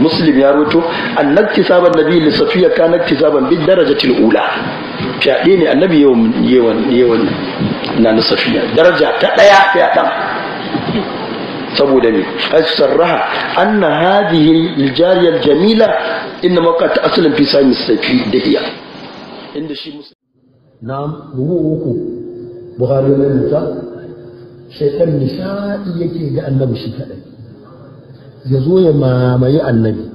مسلم يا روتو أن اكتساب النبي لصفية كان اكتسابا بالدرجة الأولى شاديني النبي يوم يوم يوم نان صفية درجة تلايا في أتم سبودني أسرها أن هذه الجارية الجميلة إنما قد أسلم في سايم الصفية دهيا إن شيء مسلم نعم نموكو بغالي من المتا شيطان نساء يكيد أنه مشي كذلك ya zo ya mamaye annabi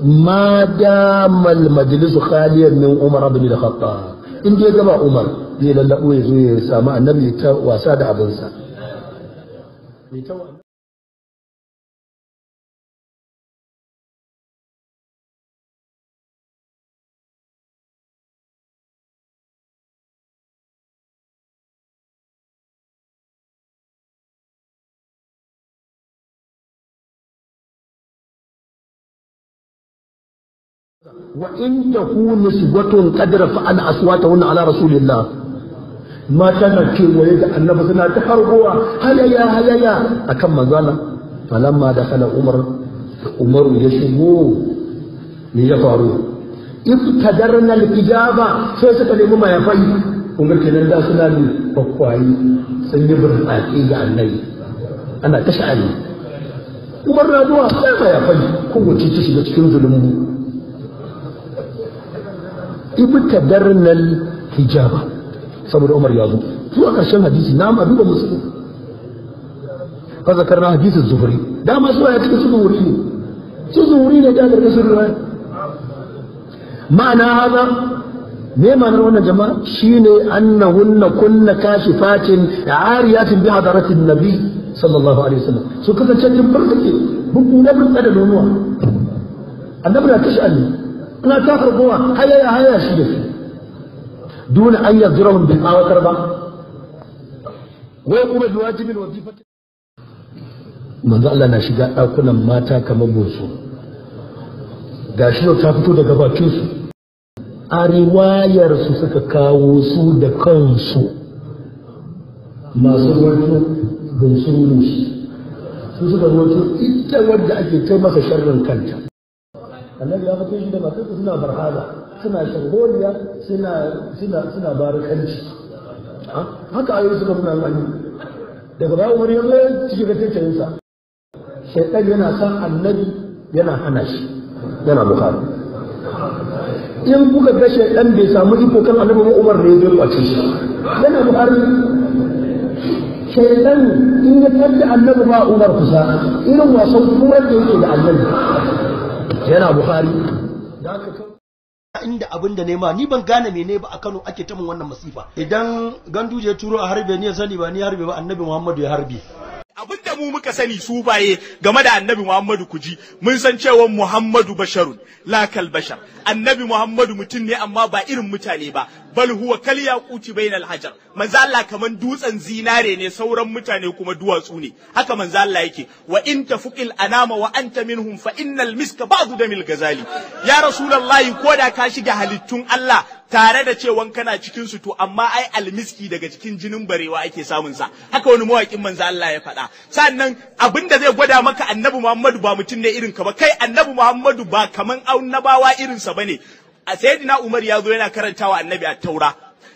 ma damal majlisu khaliyan min umar ibn al-khattab in dai gaba umar zai lallabo ya zo ya samu annabi ta wasa da abinsa وإن تكون نسبة قد رفعنا أصواتهن على رسول الله ما تنكي ويد النبي سنة تخرجوا هلا يا هلا يا أكم مزالا فلما دخل عمر عمر يشبو ليفعلوا تدرنا الإجابة فسك الإمام يفعل عمر كنا لا سنة فقوي سنبر أكيد النبي أنا تشعلي عمر لا دوا لا يفعل كم تشتشي بتكون ظلمه ibi tadarnal hijaba saboda Umar ya zo zuwa ƙarshen hadisi na a duba musulun fa zakarna hadisin zuhuri dama suna ya cikin zuhuri ne su zuhuri ne ta karkashin ruwaya ma'ana haza me ma'anar wannan jama'a shine annahunna kunna kashifatin ariyatin bi hadaratin nabi sallallahu alaihi wasallam su kasance din farkake bugu na bin da nonuwa annabi na kashi annabi ina ta harbuwa hayaya haya shi da su duna an yazurahum bin tsawatar ba wai kuma bi wajibin wazifati manzo Allah na shiga ɗakunan mata kamar boso gashi yau ta fito daga bakin su a riwayar su suka kawo su da kansu masu ruwato bin su suka su ita wadda ake kai masa sharrin kanta annabi ya fito shi da matarsa suna farhaza suna shangoriya suna suna suna barakanci ah, haka ayoyi suka nuna mani daga baya umar ya cike cikin rataitayin sa shaitan yana san annabi yana hana shi yana bukari in kuka ga shaitan bai samu iko kan annabi ba umar ne zai kwace shi yana bukari shaitan in ya tarda annabi ba umar kusa irin wasan kuma da yake da annabi yana bukari inda abin da nema ni ban gane mene ba a Kano ake ta wannan masifa idan ganduje turo a harbe ni ya sani ba ni harbe ba annabi Muhammadu ya harbe abin da mu muka sani su baye game da annabi Muhammadu kuji mun san cewa Muhammadu basharun lakal bashar annabi Muhammadu mutum ne amma ba irin mutane ba bal huwa kal yaquti bainal hajar manzo Allah kaman dutsen zinare ne sauran mutane kuma duwatsu ne haka manzo Allah yake wa in tafuqil anama wa anta minhum fa innal miska ba'du damil gazali ya rasulullahi koda ka shiga halittun Allah tare da cewa kana cikin su to amma ai almiski daga cikin jinin barewa ake samun sa haka wani mawakin manzo Allah ya faɗa sannan abinda zai gwada maka annabi Muhammadu ba mutum ne irin ka ba kai annabi Muhammadu ba kaman annabawa irin sa bane a sayyidina Umar ya zo yana karantawa annabi a taura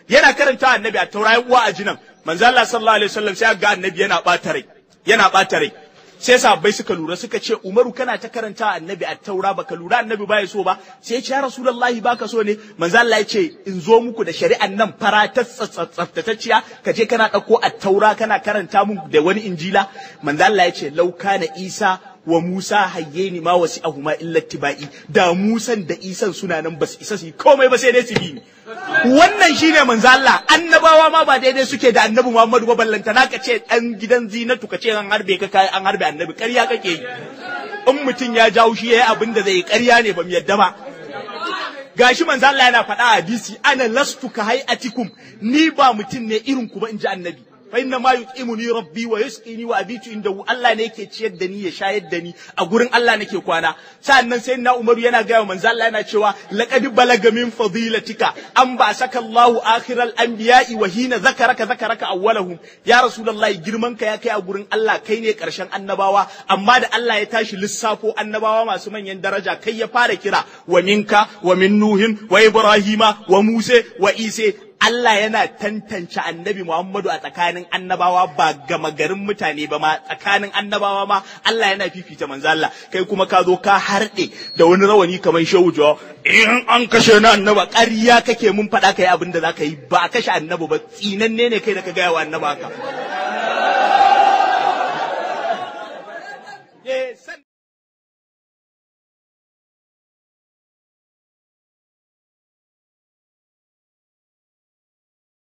yana karantawa annabi a taura yan uwa a jinan manzo Allah sallallahu alaihi wasallam sai ga annabi yana bata rai yana bata rai sai sahabbai suka lura suka ce Umaru kana ta karanta annabi a taura baka lura annabi baya so ba sai ya ce ya Rasulullahi baka so ne manzo Allah ya ce in zo muku da shari'an nan fara ta tsaftatacciya ka je kana dauko a taura kana karanta mun da wani injila manzo Allah ya ce lau kana Isa wa Musa ni ma wasi ahuma illa tibai da Musan da Isan suna nan basu isa su komai ba sai dai su bi wannan shine manzo Allah annabawa ma ba daidai suke da annabi Muhammadu ba ballanta naka ce dan gidan zinatu ka ce an harbe ka kai an harbe annabi ƙarya kake yi in mutum ya jawo shi yayi abin da zai ƙarya ne ba mu yadda ba gashi manzo Allah yana faɗa a hadisi ana lastu ka hayatikum ni ba mutum ne irin ku ba inji annabi fa mayu ma yut'imuni rabbi wa yusqini wa abitu indahu Allah ne yake ciyar da ni ya shayar da ni a gurin Allah nake kwana Sannan sai na Umaru yana ga manzo Allah yana cewa laqad balaga min fadilatika an ba saka Allahu akhiral anbiya'i wa hina zakaraka zakaraka awwalahum ya rasulullahi girman ka ya kai a gurin Allah kai ne karshen annabawa amma da Allah ya tashi lissafo annabawa masu manyan daraja kai ya fara kira wa minka wa min nuhin wa ibrahima wa muse wa ise Allah yana tantance annabi Muhammadu a tsakanin annabawa ba gama garin mutane ba ma tsakanin annabawa ma Allah yana fifita manzo Allah kai kuma ka zo ka harɗe da wani rawani kamar shehu in an kashe na annaba ƙarya kake mun faɗa kai abin da zaka yi ba a kashe annabi ba tsinanne ne kai da ka gaya wa annaba haka